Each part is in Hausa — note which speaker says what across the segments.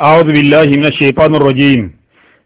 Speaker 1: أعوذ بالله من الشيطان الرجيم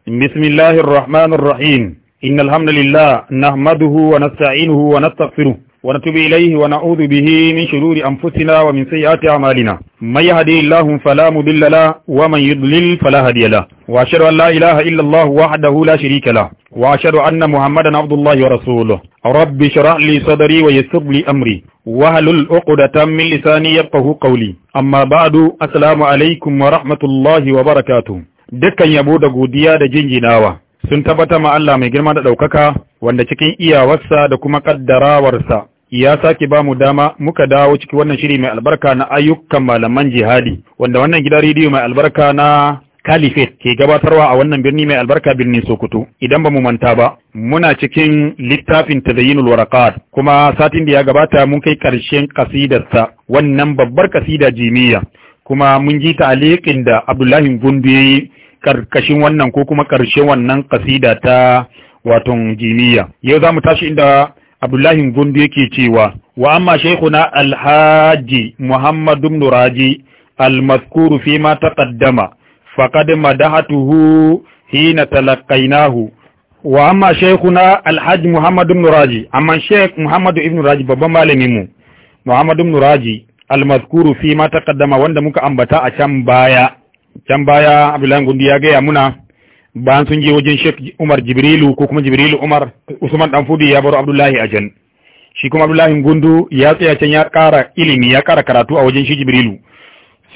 Speaker 1: بسم الله الرحمن الرحيم إن الحمد لله نحمده ونستعينه ونستغفره ونتوب إليه ونعوذ به من شرور أنفسنا ومن سيئات أعمالنا من يهدي الله فلا مضل له ومن يضلل فلا هادي له وأشهد أن لا إله إلا الله وحده لا شريك له وأشهد أن محمدا عبد الله ورسوله رب اشرح لي صدري ويسر لي أمري وهلل عقدة من لساني يفقه قولي أما بعد السلام عليكم ورحمة الله وبركاته dukkan yabo da godiya da jinjinawa sun tabbata ma Allah mai girma da ɗaukaka wanda cikin iyawarsa da kuma ƙaddarawarsa ya sake ba mu dama muka dawo ciki wannan shiri mai albarka na ayyukan malaman jihadi wanda wannan gidan rediyo mai albarka na Caliphate ke gabatarwa a wannan birni mai albarka birnin Sokoto idan ba mu manta ba muna cikin littafin Tazayyinul Waraqat kuma satin da ya gabata mun kai karshen kasidarsa wannan babbar kasida jimiya kuma mun ji ta'aliqin da Abdullahi Gundu yayi karkashin wannan ko kuma karshen wannan kasida ta waton jimiya yau za mu tashi inda abdullahi gondu yake cewa wa amma shaikuna alhaji muhammadu ibn raji almazkuru fi ma taqaddama faqad madahatuhu hina talaqainahu wa amma shaikuna alhaji muhammadu ibn raji amma muhammadu ibn raji babban malamin muhammadu ibn raji almazkuru fi ma wanda muka ambata a can baya can baya abdullahi gondu ya gaya ya muna ban sun je wajen Sheikh Umar Jibrilu ko kuma Jibrilu Umar Usman dan Fudi ya baro Abdullahi a can shi kuma Abdullahi Gundu ya tsaya can ya ƙara ilimi ya ƙara karatu a wajen shi Jibrilu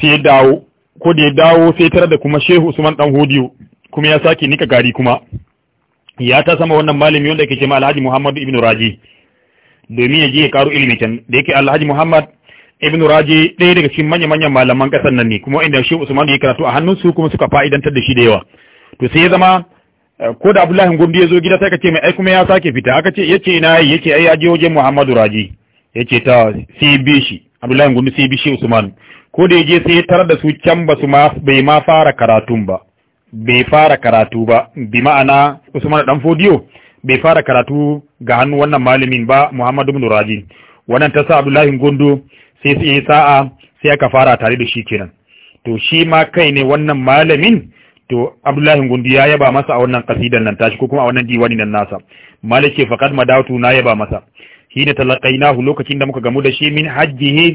Speaker 1: sai ya dawo ko da ya dawo sai tare da kuma Shehu Usman dan Danfudi kuma ya sake nika gari kuma ya ta sama wannan malami wanda yake cewa Alhaji Muhammad Ibn Raji domin ya je ya karo ilimi can da yake Alhaji Muhammad Ibn Raji ɗaya daga cikin manya-manyan malaman ƙasar nan ne kuma inda Shehu Usman ya karatu a hannunsu kuma suka fa'idantar da shi da yawa to sai ya zama eh, ko da Abdullahi Gombe ya zo gida sai ka ce mai ai kuma ya sake fita aka ce yace ina yi yace ai aje wajen Muhammadu Raji yace ta sai bi shi Abdullahi Gombe sai bi shi Usman ko da yaje sai ya tarar da su can ba su ma bai ma fara karatun ba bai fara karatu ba bi ma'ana Usman dan Fodiyo bai fara karatu ga hannu wannan malamin ba Muhammadu ibn Raji wannan ta sa Abdullahi Gondo sai sai sa'a sai aka fara tare da shi kenan to shi ma kai ne wannan malamin to abdullahi gundi ya yaba masa a wannan kasidan nan tashi ko kuma a wannan diwani nan nasa malik ce faqad madatu na yaba masa hina talaqainahu lokacin da muka gamu da shi min hajjihi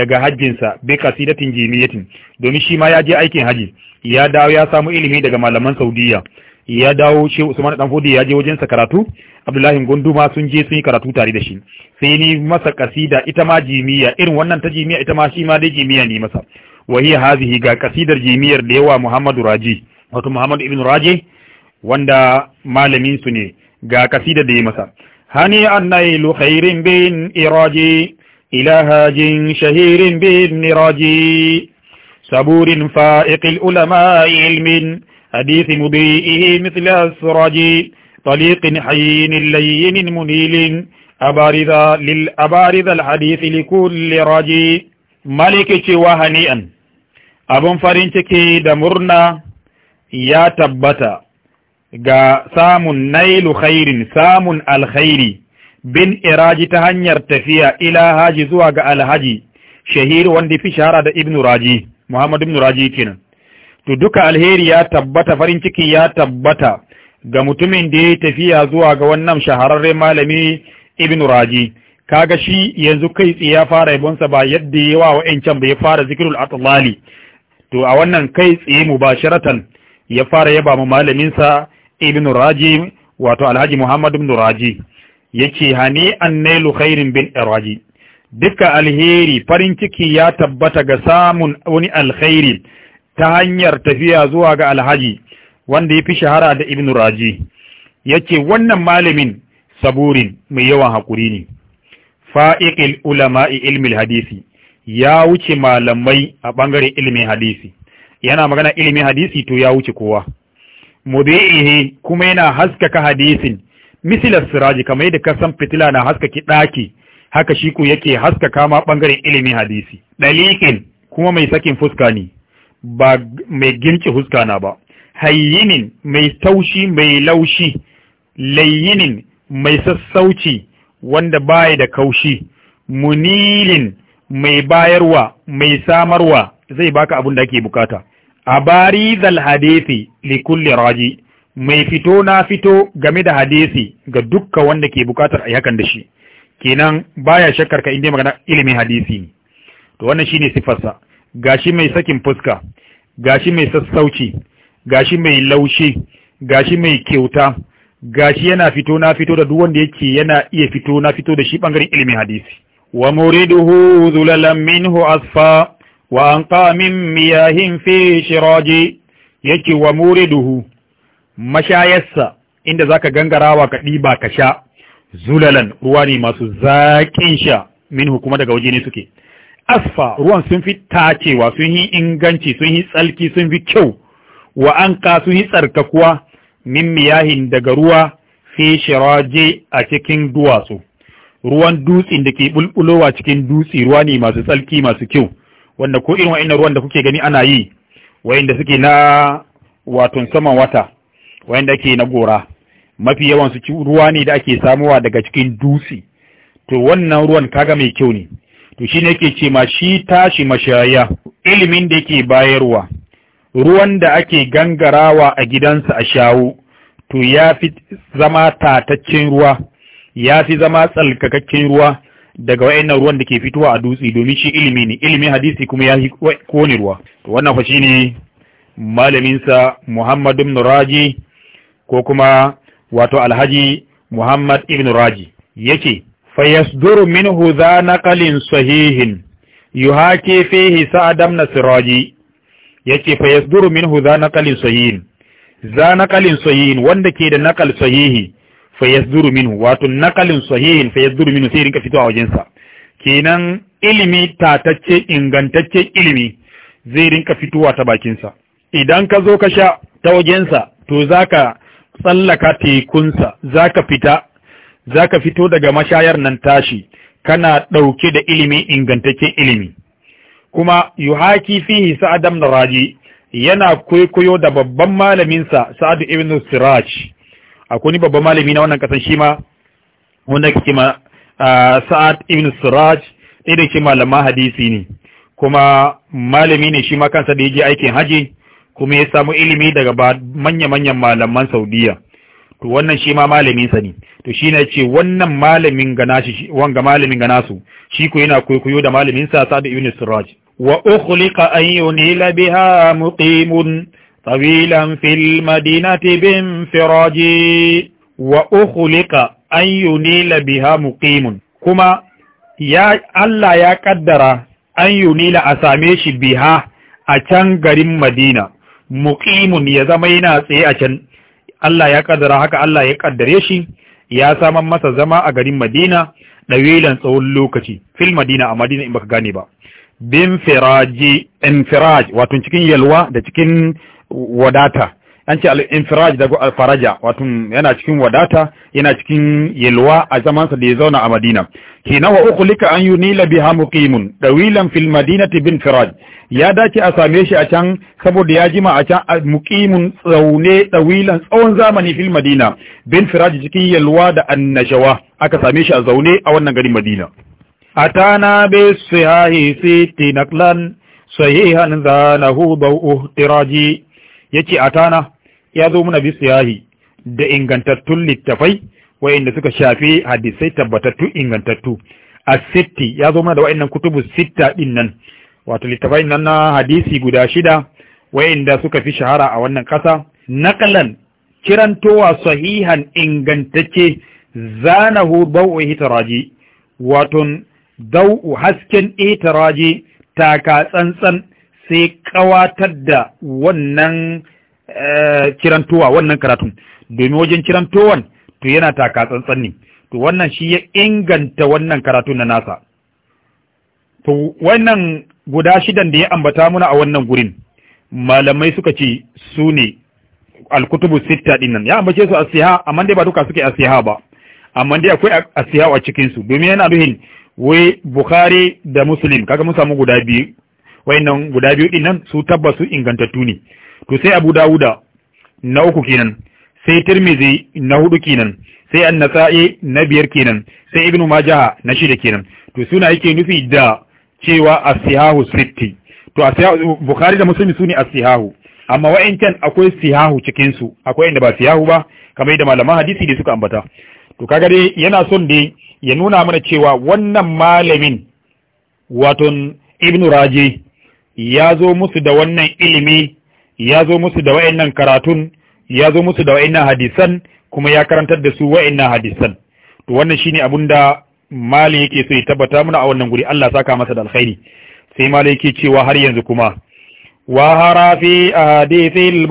Speaker 1: daga hajjinsa bi kasidatin jimiyatin domin shi ma ya je aikin haji ya dawo ya samu ilimi daga malaman saudiya ya dawo shi Usman dan Fodi ya je wajen sa karatu Abdullahi ma sun je sun yi karatu tare da shi sai ni masa kasida ita ma jimiya irin wannan ta jimiya ita ma shi ma dai jimiya ne masa wa hiya hazihi ga kasidar jimiyar da yawa Muhammadu Raji wato Muhammad ibn Raje wanda malamin su ne ga kasida da yi masa hani annailu khairin bin iraji ila hajin shahirin bin iraji saburin fa'iqil ulama ilmin حديث مضيئه مثل السرج طليق حين لين منيل أبارذ للأبارذ الحديث لكل رجي ملك وهنيئا abun farin ciki da murna ya tabbata ga samun nailu khairin samun alkhairi bin iraji ta hanyar tafiya ila haji zuwa ga alhaji shahir wanda fi shahara da ibnu raji muhammad ibnu raji kenan to duka alheri ya tabbata farin ciki ya tabbata ga mutumin da ya tafiya zuwa ga wannan shahararren malami ibnu raji kaga shi yanzu kai tsaye ya fara yabonsa ba yadda yawa wa'ancan bai fara zikirul atlali to a wannan kai tsaye mubasharatan ya fara yaba ma malaminsa ibn raji wato alhaji muhammad ibn raji yake hani an nailu khairin bin raji duka alheri farin ciki ya tabbata ga samun wani alkhairi ta hanyar tafiya zuwa ga alhaji wanda ya fi shahara da ibn raji yace wannan malamin saburin mai yawan haƙuri ne fa'iƙil ulama'i ilmin hadisi ya wuce malamai a ɓangaren ilmin hadisi yana magana ilimin hadisi to ya wuce kowa mudhihi kuma yana haskaka hadisin misila siraji kamar yadda ka san fitila na haskaki daki haka shi ku yake haskaka ma bangaren ilimin hadisi dalikin kuma mai sakin fuska ne ba mai girki fuska na ba hayyinin mai taushi mai laushi layyinin mai sassauci wanda baya da kaushi munilin mai bayarwa mai samarwa zai baka abin da ake bukata a bari zal hadisi kulli raji mai fito na fito game da hadisi ga dukka wanda ke bukatar ayi hakan da shi kenan baya shakkar ka inda magana ilimin hadisi ne to wannan shine sifarsa gashi mai sakin fuska gashi mai sassauci gashi mai laushi gashi mai kyauta gashi yana fito na fito da duk wanda yake yana iya fito na fito da shi bangaren ilimin hadisi wa muriduhu zulalan minhu asfa wa an min miyahin fi shiraji yake wa muriduhu mashayarsa inda zaka gangarawa ka ɗiba ka sha zulalan ruwa ne masu zaƙin sha min hukuma daga waje ne suke asfa ruwan sun fi tacewa sun yi inganci sun yi tsalki sun fi kyau wa an ka sun yi tsarkakuwa min miyahin daga ruwa fi shiraje a cikin duwatsu ruwan dutsen da ke bulbulowa cikin dutse ruwa ne masu tsalki masu kyau wanda ko irin wa'annan ruwan da kuke gani ana yi wa'anda suke na waton saman wata wa'anda ake na gora mafi yawan su ruwa ne da ake samuwa daga cikin dutse to wannan ruwan kaga mai kyau ne to shi ne yake ce ma shi tashi mashaya ilimin da yake bayarwa ruwan da ake gangarawa a gidansa a shawo to ya fi zama tataccen ruwa ya fi zama tsalkakakken ruwa daga wayannan ruwan da ke fitowa a dutse domin shi ilimi ne ilimin hadisi kuma ya kone ruwa to wannan fa shine malamin sa Muhammad ibn Raji ko kuma wato Alhaji Muhammad ibn Raji yake fa yasduru minhu za naqalin sahihin yuhaki fihi sa'ad ibn Siraji yake fa yasduru minhu za naqalin sahihin za naqalin sahihin wanda ke da naqal sahihi fa yasduru minhu wato naqalin sahihin fa yasduru minhu sai rinka fitowa wajen sa kenan ilimi tatacce ingantacce ilimi zai rinka fitowa ta bakin sa idan ka zo ka sha ta wajen sa to zaka tsallaka tekun sa zaka fita zaka fito daga mashayar nan tashi kana dauke da ilimi ingantacce ilimi kuma yuhaki fihi sa'adam raji yana kwaikwayo da babban malamin sa sa'adu ibn siraj akwai babban malami na wannan kasan shi ma wanda ke ma sa'ad ibn siraj ɗaya da ke malama hadisi ne kuma malami ne shi ma kansa da ya je aikin haji kuma ya samu ilimi daga manya-manyan malaman saudiya to wannan shi ma malamin sa ne to shi ne ce wannan malamin ga nashi wanga malamin ga nasu shi ko yana koyo da malamin sa Sa'ad ibn Siraj wa ukhliqa an yunila biha muqimun طويلا في المدينة بانفراج وأخلق أن ينيل بها مقيم كما يا ألا يا قدر أن ينيل أساميش بها أتنقر المدينة مقيم يزمينا سيئة Allah ya kaddara haka Allah ya ƙaddare shi ya sama masa zama a garin Madina dawilan wilan tsawon lokaci fil Madina a Madina in baka gane ba bin firaji infiraj wato cikin yalwa da cikin wadata an ce al-infiraj daga wato yana cikin wadata yana cikin yalwa a zamansa da ya zauna a Madina nawa wa lika an yunila ha muqimun dawilan fil madinati bin firaj ya dace a same shi a can saboda ya jima a can muqimun tsaune dawilan tsawon zamani fil madina bin firaj cikin yalwa da annashawa aka same shi a zaune a wannan garin Madina atana bi sihahi sitinaklan sahihan zanahu bau ihtiraji Ya ce a tana ya zo muna bi siyahi da ingantattun littafai wayanda suka shafi hadisai tabbatattu ingantattu a sitti ya zo muna da wa'innan kutubu sitta din nan wato littafai nan na hadisi guda shida wayanda suka fi shahara a wannan kasa nakalan kirantowa sahihan ingantacce zanahu bau'u hitaraji wato dau'u hasken itaraji taka tsantsan sai kawatar da wannan eh, kirantowa wannan karatun domin wajen kirantowan to yana taka tsantsan ne to wannan shi ya inganta wannan karatun na nasa to wannan guda shidan da ya ambata muna a wannan gurin malamai suka ce su ne alkutubu sita din nan ya ambace su asiha amma dai ba duka suke asiha ba amma dai akwai asiha a cikin su domin yana nuhin wai bukhari da muslim kaga mun samu guda biyu wayannan guda biyu din nan su tabbas su ingantattu ne to sai Abu Dawuda na uku kenan sai Tirmidhi na hudu kenan sai An-Nasa'i na biyar kenan sai Ibn Majah na shida kenan to suna yake nufi da cewa as-sihahu sitti to as-sihahu Bukhari da Muslim sune as-sihahu amma wa'incan akwai sihahu cikin su akwai inda ba sihahu ba kamar da malaman hadisi da suka ambata to kaga dai yana son dai ya nuna mana cewa wannan malamin waton Ibn Rajih ya zo musu da wannan ilimi ya zo musu da wa'annan karatun ya zo musu da wa'annan hadisan kuma ya karantar da su wa'annan hadisan to wannan shine abin da mali yake so ya tabbata muna a wannan guri Allah saka masa da alkhairi sai mali yake cewa har yanzu kuma wa hara fi hadithi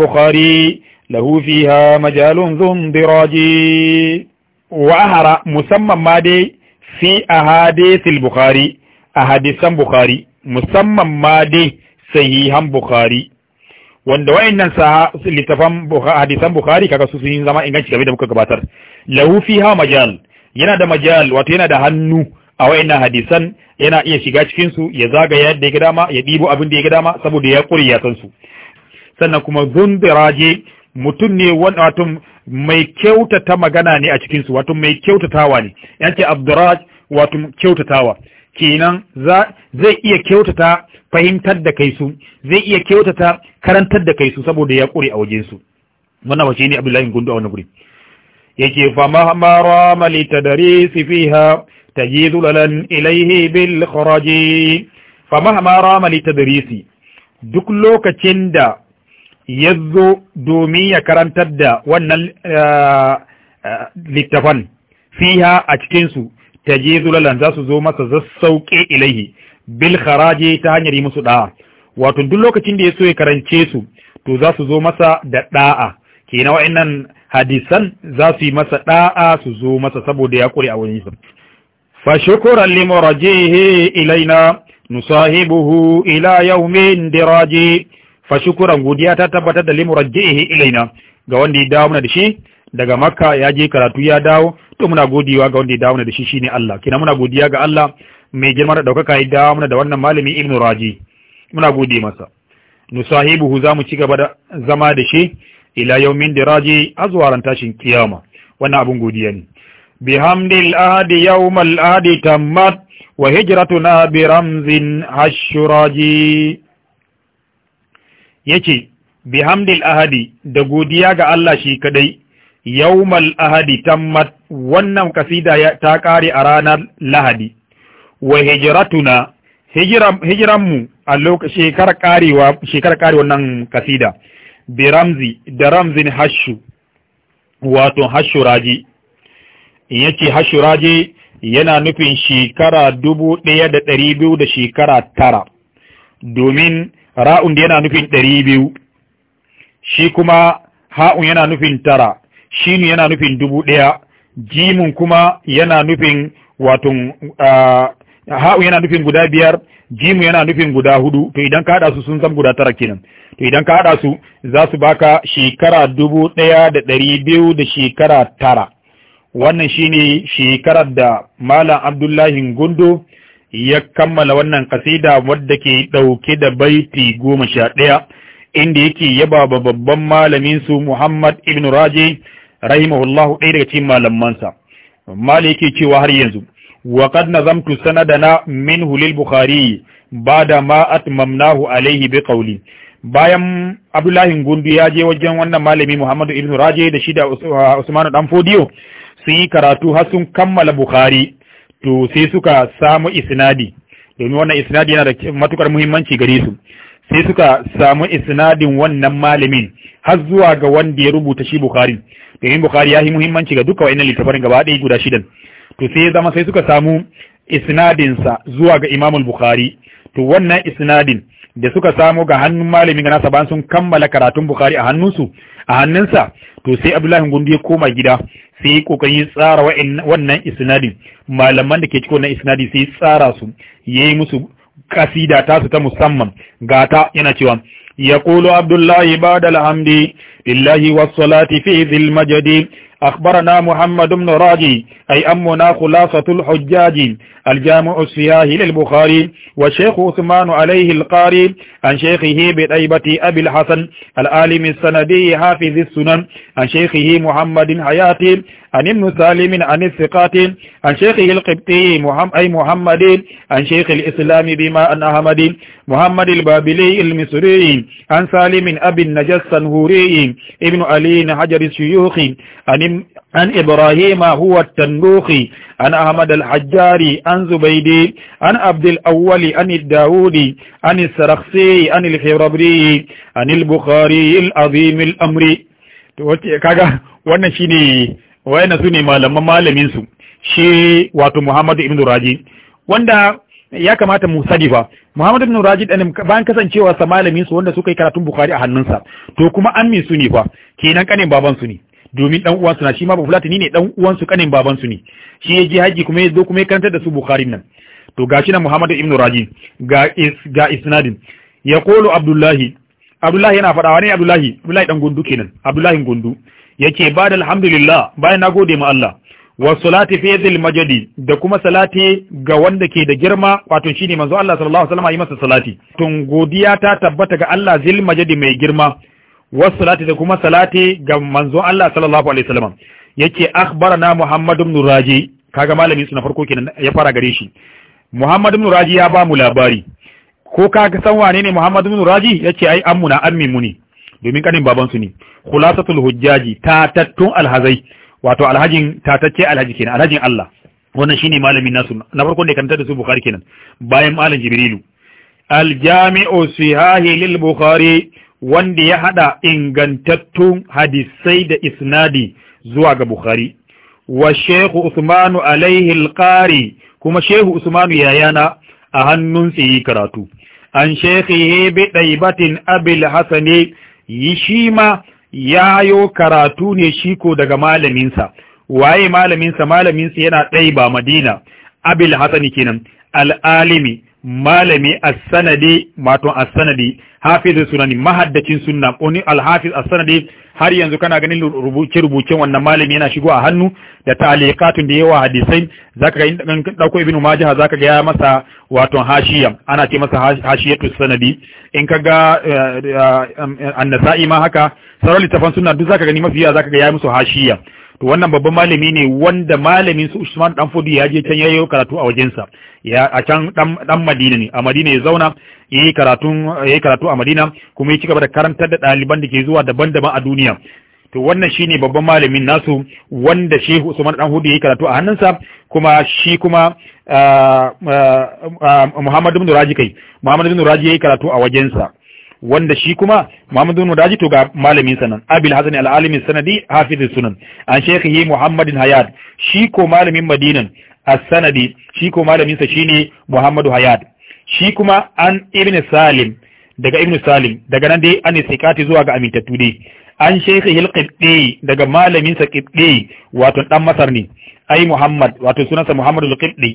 Speaker 1: musamman ma dai fi bukhari ahadisan bukhari musamman ma dai sahihan bukhari wanda wayannan littafan hadisan bukhari kaga su sun zama inganci game da muka gabatar lahu fiha majal yana da majal wato yana da hannu a wayannan hadisan yana iya shiga cikin su ya zaga yadda ya ga dama ya dibo abin da ya ga dama saboda ya kuri ya san su sannan kuma zundiraje mutum ne wato mai kyautata magana ne a cikin su wato mai kyautatawa ne yace watan wato kyautatawa kenan zai iya kyautata fahimtar da kai su zai iya kyautata karantar da kai su saboda ya ƙure a wajen su wannan wace ne abdullahi gundu a wannan guri yake fa mahma mali li tadris fiha tajidu lalan ilayhi bil kharaj fa mahma mali li tadris duk lokacin da yazo domin ya karantar da wannan eh, eh, littafan fiha a cikin su tajizu lalan za su zo masa zassauƙe ilaihi bil kharaji ta hanyar yi musu da'a wato duk lokacin da ya so ya karance su to za su zo masa da da'a kenan wa'annan hadisan za su yi masa da'a su zo masa saboda ya kure a wurin sa fa shukura li murajihi ilaina nusahibuhu ila yawmin diraji fa shukuran godiya ta tabbatar da li murajihi ilaina ga wanda ya dawo mana da shi daga makka ya je karatu ya dawo to muna godiya ga wanda ya dawo da shi shine Allah kina muna godiya ga Allah mai girma da daukaka ya dawo muna da wannan malami ibnu Raji muna gode masa nusahibuhu zamu ci gaba da zama da shi ila yawmin diraji azwaran tashin kiyama wannan abun godiya ne bihamdil ahadi yawmal ahadi tammat wa hijratuna bi ramzin hashuraji yace bihamdil ahadi da godiya ga Allah shi kadai yawmal ahadi tammat wannan kasida ta kare a ranar lahadi wa hijratuna hijiran a lokacin karewa kare wannan kasida bi ramzi da ramzin hashu wato hashu raji yace hashu raji yana nufin shekara dubu ɗaya da ɗari biyu da shekara tara domin ra'un yana nufin ɗari biyu shi kuma ha'un yana nufin tara shinu yana nufin dubu ɗaya jimin kuma yana nufin wato ha'u yana nufin guda biyar jimu yana nufin guda hudu to idan ka haɗa su sun zama guda tara kenan to idan ka haɗa su za su baka shekara dubu ɗaya da ɗari biyu da shekara tara wannan shine shekarar da malam abdullahi gundo ya kammala wannan kasida wadda ke ɗauke da baiti goma sha ɗaya inda yake yaba babban malamin su muhammad ibn raji rahimahullahu ɗaya daga cikin malamansa mali yake cewa har yanzu wa qad nazamtu sanadana minhu lil bukhari bada ma atmamnahu alayhi bi qawli bayan abdullahi gundu ya je wajen wannan malami muhammadu ibnu raje da shi da uh, usman dan fodiyo sun yi karatu har sun kammala bukhari to sai suka samu isnadi domin wannan isnadi yana da matukar muhimmanci gare su sai suka samu isnadin wannan malamin har zuwa ga wanda ya rubuta shi Bukhari domin Bukhari ya yi muhimmanci ga duka wa'annan littafin gaba ɗaya guda shidan to sai ya zama sai suka samu isnadin sa zuwa ga Imam Bukhari to wannan isnadin da suka samu ga hannun malamin ga nasa ban sun kammala karatun Bukhari a hannunsu a hannunsa to sai Abdullahi Gundu ya koma gida sai ya kokarin tsara wannan isnadin malaman da ke cikin wannan isnadi sai ya tsara su yayi musu kasida ta su ta musamman يقول عبد الله بعد الحمد لله والصلاة في ذي المجد أخبرنا محمد بن راجي أي أمنا خلاصة الحجاج الجامع السياه للبخاري والشيخ عثمان عليه القاري عن شيخه بطيبة أبي الحسن العالم السندي حافظ السنن عن شيخه محمد حياتي عن ابن سالم عن الثقات عن شيخه القبطي أي محمد عن شيخ الإسلام بما أن أحمد محمد البابلي المصري عن سالم أبي النجس الهوري ابن علي حجر الشيوخ عن عن إبراهيم هو التنوخي عن أحمد الحجاري عن زبيدي عن عبد الأول عن الداودي عن السرخسي عن الخربري عن البخاري العظيم الأمري kaga wannan wayna su ne malaman malamin su shi wato Muhammadu ibn Raji wanda ya kamata mu sani fa Muhammad ibn Rajid dan bayan kasancewa sa malamin su wanda suka yi karatun Bukhari a hannunsa to kuma an min su ne fa kenan kanin baban su ne domin dan uwansu na shi ma Bafulatani ne dan uwansu kanin baban su ne shi ya je haji kuma ya zo kuma ya karanta da su Bukhari nan to gashi na Muhammad ibn Rajid ga is, ga isnadin yaqulu Abdullahi Abdullahi yana faɗawa ne Abdullahi Abdullahi dan gundu kenan Abdullahi gundu yake ba da alhamdulillah bayan na gode ma Allah wa salati fi zil majdi da kuma salati ga wanda ke da girma wato shine manzo Allah sallallahu alaihi wasallam yi masa salati tun godiya ta tabbata ga Allah zil majdi mai girma wa salati da kuma salati ga manzo Allah sallallahu alaihi wasallam yake akhbarana Muhammad ibn Raji kaga malami su na farko kenan ya fara gare shi Muhammad ibn Raji ya ba mu labari ko kaga san wane ne Muhammad ibn Raji yace ai ammuna ammi muni domin kanin babansu ne khulasatul hujjaji tattun alhazai wato alhajin tatacce alhaji kenan alhajin Allah wannan shine malamin nasu na farko da kanta da su bukhari kenan bayan malam jibrilu aljami'u sihahi lil bukhari wanda ya hada ingantattun hadisai da isnadi zuwa ga bukhari wa shehu usmanu alaihi alqari kuma shehu usmanu yayana a hannun yi karatu an shekhihi bi daibatin abil hasani yi shi ma yayo karatu ne shi ko daga malaminsa waye malaminsa malaminsa yana ɗai ba madina abil hasani kenan al'alimi malami as-sanadi maton as-sanadi hafizu sunani mahaddacin sunna oni al-hafiz as-sanadi har yanzu kana ganin rubuce rubucen wannan malami yana shigo a hannu da ta'aliqatun da yawa hadisai zaka ga in dauko ibnu majah zaka ga ya masa waton hashiya ana ce masa hashiyatu sanadi in kaga eh, eh, eh, an-nasa'i ma haka sarali tafan sunna duk zaka gani mafiya zaka ga ya musu hashiya to wannan babban malami ne wanda malamin su Usman dan Fudu ya je can yayi karatu a wajensa ya a can dan dan Madina ne a Madina ya zauna yayi karatu yayi karatu a Madina kuma ya ci gaba da karantar da ɗaliban da ke zuwa daban-daban a duniya to wannan shine babban malamin nasu wanda Shehu Usman dan Hudu yayi karatu a hannunsa kuma shi kuma ah, ah, ah, Muhammad ibn Raji kai Muhammad ibn Raji yayi karatu a wajensa wanda shi kuma Muhammadu ibn Mudaji to ga malamin sanan Abil Hasan al-Alimi sanadi hafizu sunan an shaykhihi Muhammadin Hayat shi ko malamin Madinan as-sanadi shi ko malamin sa shine Muhammadu Hayat shi kuma an Ibn Salim daga Ibn Salim daga nan dai an sikati zuwa ga amintattu dai an shaykhihi al-Qibdi daga malamin sa Qibdi wato dan Masar ne ai Muhammad wato sunansa Muhammadu al-Qibdi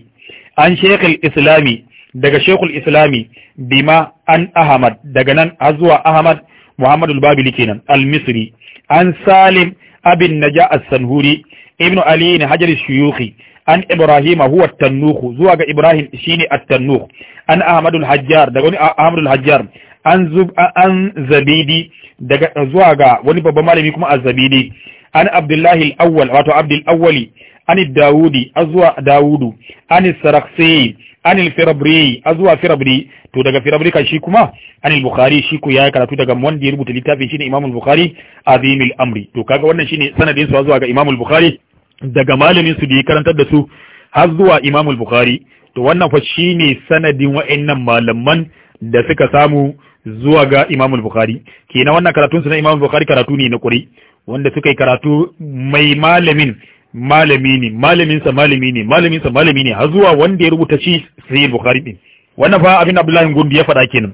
Speaker 1: an shaykhil Islami daga shekul islami bima an ahmad daga nan har zuwa ahmad muhammadul babili kenan al-misri an salim abin naja as-sanhuri ibnu ali ne hajar shuyukhi an ibrahim huwa tannuhu zuwa ga ibrahim shine at-tannuh an ahmadul hajjar daga wani ahmadul hajjar an zub an zabidi daga zuwa ga wani babban malami kuma az-zabidi an abdullahi al-awwal wato abdul awwali an dawudi azwa dawudu an sarakhsi anil firabri zuwa firabri to daga firabri kan shi kuma anil bukhari shi ko karatu daga wanda ya rubuta littafin ne imamul bukhari azimil amri to kaga wannan shine sanadin su zuwa ga imamul bukhari daga malamin su da ya karantar da su har zuwa imamul bukhari to wannan fa shine sanadin wa'annan malaman da suka samu zuwa ga imamul bukhari kenan wannan karatun su na imamul bukhari karatu ne na kuri wanda suka yi karatu mai malamin malami ne malaminsa malami ne malaminsa malami ne har zuwa wanda ya rubuta shi sai bukhari din wannan fa abin abdullahi gundu ya faɗa kenan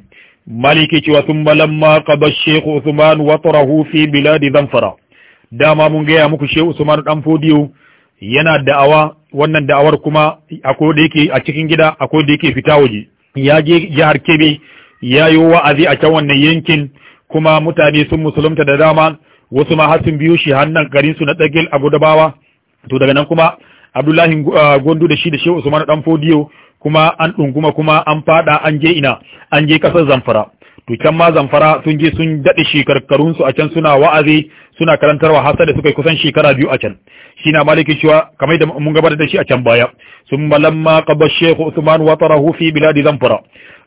Speaker 1: maliki cewa sun malamma qaba sheikh usman wa tarahu fi bilad zamfara dama mun gaya muku sheikh usman dan fodiyo yana da'awa wannan da'awar kuma akwai da yake a cikin gida akwai da yake fita waje ya je jihar kebe ya yi wa'azi a can wannan yankin kuma mutane sun musulunta da dama wasu ma har sun shi hannan garin su na tsagil a gudabawa to daga nan kuma abdullahi ah, gondu da shi da shehu usman dan fodiyo kuma an dunguma kuma an fada an je ina an je kasar zamfara to can ma zamfara sun je sun daɗe shekarkarun su a can suna wa'azi suna karantarwa hasa da suka yi kusan shekara biyu a can shi na maliki cewa kamar da mun gabatar da shi a can baya sun malamma qaba shehu usman wa tarahu fi biladi zamfara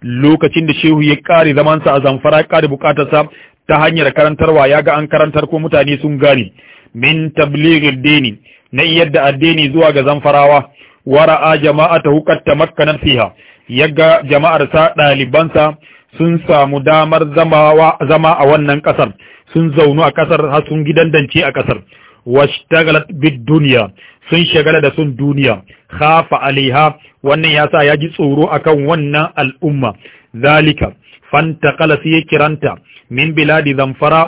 Speaker 1: lokacin da shehu ya kare zaman sa a zamfara ya kare sa ta hanyar karantarwa ya ga an karantar ko mutane sun gari min tabligh dini na yadda addini zuwa ga zamfarawa wara'a jama'ata hukat tamakkanan fiha yaga jama'ar sa ɗalibansa sun samu damar zama a wannan ƙasar sun zaunu a ƙasar har sun gidandance a ƙasar washtagalat bid duniya sun shagala da sun duniya khafa alaiha wannan yasa ya ji tsoro akan wannan al'umma zalika fantaqala sai ya kiranta min biladi zamfara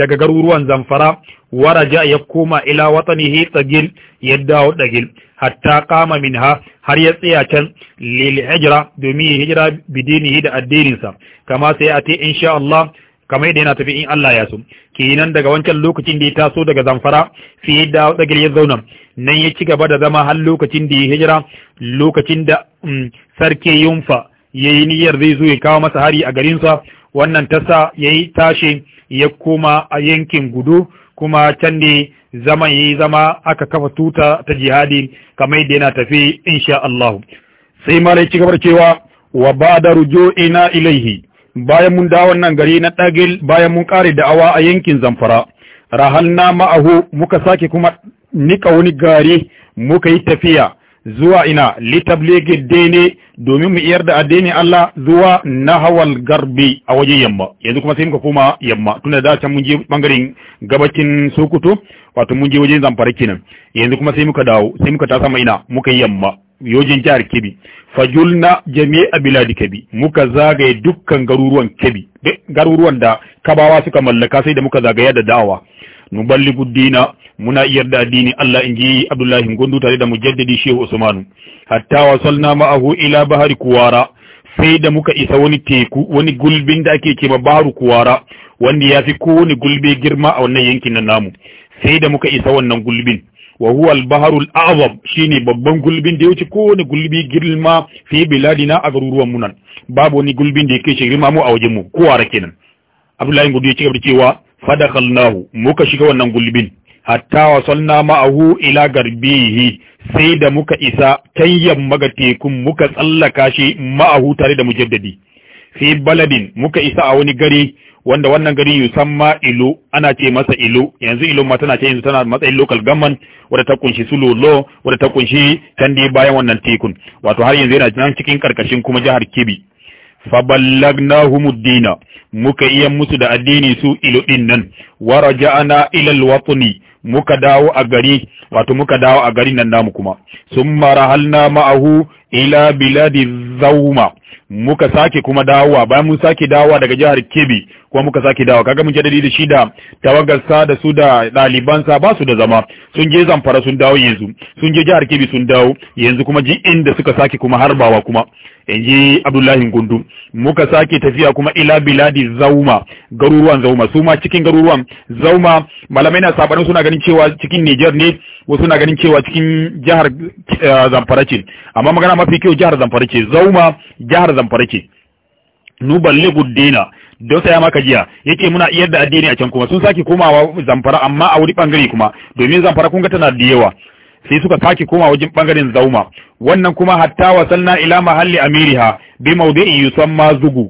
Speaker 1: daga garuruwan zamfara waraja ya koma ila watanihi tsagil ya dawo dagil hatta kama minha har ya tsaya can lil hijra domin ya hijira bidinihi da addininsa kama sai a te insha Allah kamar yadda yana tafi in Allah ya so kenan daga wancan lokacin da ya taso daga zamfara fiye da tsagil ya zauna nan ya ci gaba da zama har lokacin da ya hijira lokacin da mm, sarki yunfa yayi niyyar zai zo ya kawo masa hari a garinsa wannan ta tasa yi tashi ya koma a yankin gudu kuma can ne zaman yi zama aka kafa tuta ta jihadi kamar yadda yana tafi insha Allah sai malai ci gaba cewa wa ba da rujo ina ilaihi bayan mun dawo wannan gari na dagil bayan mun kare da'awa a yankin Zamfara rahalna ma'ahu muka sake kuma nika wani gari muka yi tafiya zuwa ina litablege dene domin mu iyar da addinin Allah zuwa nahawal garbi a waje yamma yanzu kuma sai muka koma yamma tunda da can mun je bangaren gabakin Sokoto wato mun je wajen Zamfara kenan yanzu kuma sai muka dawo sai muka ta sama ina muka yamma yojin jihar Kebbi fajulna jami'a biladi Kebbi muka zagaye dukkan garuruwan Kebbi garuruwan da Kabawa suka mallaka sai da muka zagaya da da'awa nuballigu dina muna yarda da addini Allah inji Abdullahi Gondo tare da jaddadi Shehu Usman hatta wasalna ma'ahu ila bahari kuwara sai da muka isa wani teku wani gulbin da ake cewa baharu kuwara wanda ya fi kowane gulbe girma a wannan yankin na namu sai da muka isa wannan gulbin wa huwa al-baharul a'zam shine babban gulbin da yake kowane gulbi girma fi biladina a garuruwan munan babu wani gulbin da yake shi girma mu a wajen mu kuwara kenan Abdullahi Gondo ya ci gaba da cewa fadakhalnahu muka shiga wannan gulbin hatta wasalna ma'ahu ila garbihi sai da muka isa kan yamma ga tekun muka tsallaka shi ma'ahu tare da mujaddadi fi baladin muka isa a wani gari wanda wannan gari yusamma ilu ana ce masa ilu yanzu ilu ma tana ce yanzu tana matsayin local government wadda ta kunshi sulolo wadda ta kunshi kandi bayan wannan tekun wato har yanzu yana nan cikin karkashin kuma jihar kebbi faballagnahum ad-dina muka iya musu da addini su ilo din nan wa raja'na ila al muka dawo a gari wato muka dawo a garin nan namu kuma summa rahalna ma'ahu ila biladi zauma muka sake kuma dawowa bayan mun sake dawowa daga jihar Kebbi kuma muka sake dawowa kaga mun jadadi da shi da tawagarsa da su da ɗalibansa ba su da zama sun je zamfara sun dawo yanzu sun je jihar Kebbi sun dawo yanzu kuma ji inda suka sake kuma harbawa kuma in ji Abdullahi Gundu muka sake tafiya kuma ila biladi zauma garuruwan zauma su ma cikin garuruwan zauma malamai na sabanin suna ganin cewa cikin Niger ne wasu na ganin cewa cikin jihar eh, Zamfara ce amma magana mafi kyau jihar zamfara ce zauma jihar zamfara ce nuballighu dina don saya maka jiya yake muna iyar da addini a can kuma sun saki komawa zamfara amma a wuri bangare kuma domin zamfara kun ga tana da yawa sai suka saki koma wajen bangaren zauma wannan kuma hatta wasalna ila mahalli amiriha bi mawdi'i yusamma zugu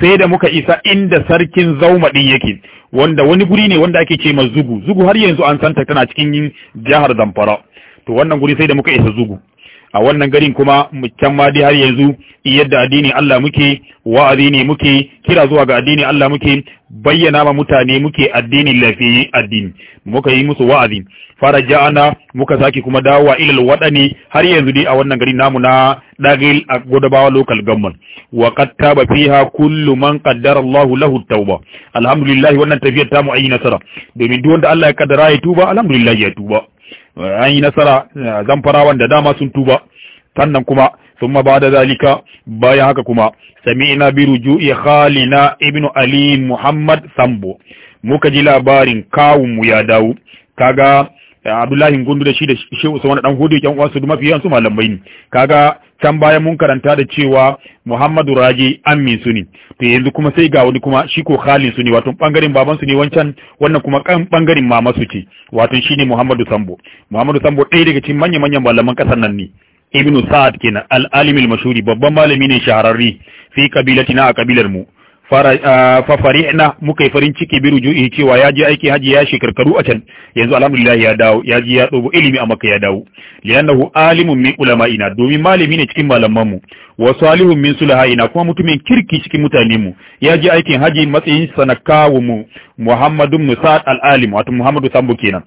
Speaker 1: sai da muka isa inda sarkin zauma din yake wanda wani guri ne wanda ake ce ma zugu zugu har yanzu an santa tana cikin jihar zamfara to wannan guri sai da muka isa zugu a wannan garin kuma can ma dai har yanzu yadda addini Allah muke wa'azi ne muke kira zuwa ga addini Allah muke bayyana ma mutane muke addinin lafiyi addini muka yi musu wa'azi fara ja'ana muka saki kuma dawowa ilal wadani har yanzu dai a wannan garin namu na dagil a godabawa local government wa qad taba fiha kullu man qaddara Allahu lahu tauba alhamdulillah wannan tafiyar ta mu ayi nasara domin duk wanda Allah ya kaddara ya tuba alhamdulillah ya tuba an yi nasara zamfarawan da dama sun tuba tan kuma sun ma ba da zalika bayan haka kuma sami'na bi ruju'i khalina ibnu ali muhammad sambo muka ji labarin kawun mu ya dawo kaga Eh, Abdullahi Gundu da shi da Shehu Usman dan Hudu yan uwansu mafi yansu malamai ne kaga can baya mun karanta da cewa Muhammadu Raji ammi su ne to yanzu kuma sai ga wani kuma shi ko Khalid su ne wato bangaren baban su ne wancan wannan kuma kan bangaren mama su ce wato shine Muhammadu Sambo Muhammadu Sambo ɗaya daga cikin manya manyan malaman kasar nan ne Ibnu Sa'ad kenan al-alim al-mashhuri babban malami ne shahararri fi kabilatina a kabilar mu fari'na muka yi farin ciki bi ruju'i cewa ya je aiki haji ya shekarkaru a can yanzu alhamdulillah ya dawo ya je ya dubo ilimi a maka ya dawo li'annahu alimun min ulama'ina domin malami ne cikin malaman mu wa salihun min sulaha'ina kuma mutumin kirki cikin mutane mu ya je aikin haji matsayin sanakawu mu muhammadun musad al wato muhammadu sambo kenan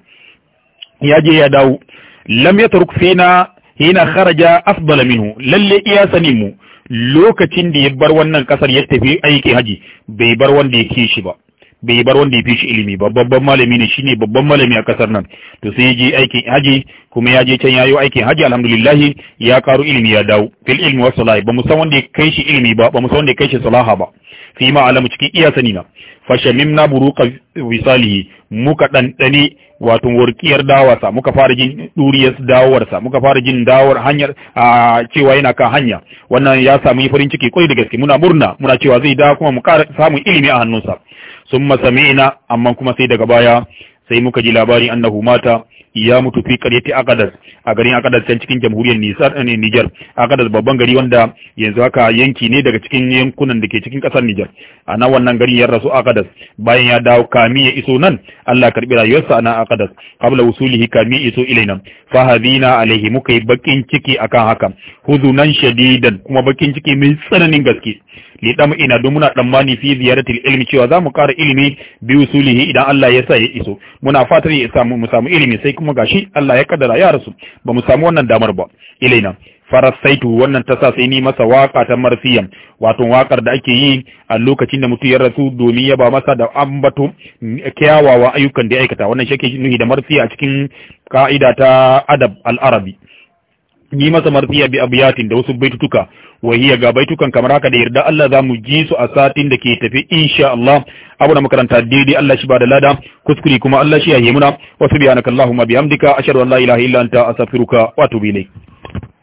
Speaker 1: ya je ya dawo lam yatruk fina hina kharaja afdal minhu lalle iya sanin mu lokacin da ya bar wannan kasar ya tafi aiki haji bai bar wanda ya kishi ba bai bar wanda ya fi shi ilimi ba babban malami ne shine babban malami a kasar nan to sai ya je aikin haji kuma ya je can ya aikin haji alhamdulillah ya karu ilimi ya dawo fil ilmi wa salahi ba san wanda ya kai shi ilimi ba ba san wanda ya kai shi salaha ba fi ma alamu cikin iya sani na fashamim na buruka wisalihi muka dandane wato warkiyar dawarsa muka fara jin duriyar dawarsa muka fara jin dawar hanyar cewa yana kan hanya wannan ya samu farin ciki kwai da gaske muna murna muna cewa zai dawo kuma mu kara samun ilimi a hannunsa sun masami'ina amma kuma sai daga baya sai muka ji labarin annahu mata ya mutu fi qaryati akadas a garin aqdar can cikin jamhuriyar Nisar eh, ne Niger aqdar babban gari wanda yanzu haka yanki ne daga cikin yankunan da ke cikin kasar a ana wannan gari ya rasu aqdar bayan ya dawo kami ya iso nan Allah karbi rayuwarsa ana aqdar qabla wusulihi kami iso ilaina fa hadina alaihi muka yi bakin ciki akan haka huzunan shadidan kuma bakin ciki mai tsananin gaske li dam ina don muna tsammani fi ziyaratil ilmi cewa zamu ƙara ilimi bi usulihi idan Allah ya sa ya iso muna fatar ya samu mu samu ilimi sai kuma gashi Allah ya kaddara ya rasu ba mu samu wannan damar ba ilaina farasaitu wannan ta sa sai ni masa waka ta marsiya wato wakar da ake yi a lokacin da mutum ya rasu domin ya ba masa da ambato kyawawa ayyukan da ya aikata wannan shi nuhi da marsiya a cikin ka'ida ta adab al-arabi yi masa martiya bi abiyatin da wasu baitutuka wa hiya ga baitukan kamar haka da yarda Allah za mu ji su a satin da ke tafi insha Allah abu da makaranta daidai Allah shi ba da lada kuskure kuma Allah shi ya yi muna wa subhanakallahumma bihamdika ashhadu an la ilaha illa anta astaghfiruka wa atubu ilayk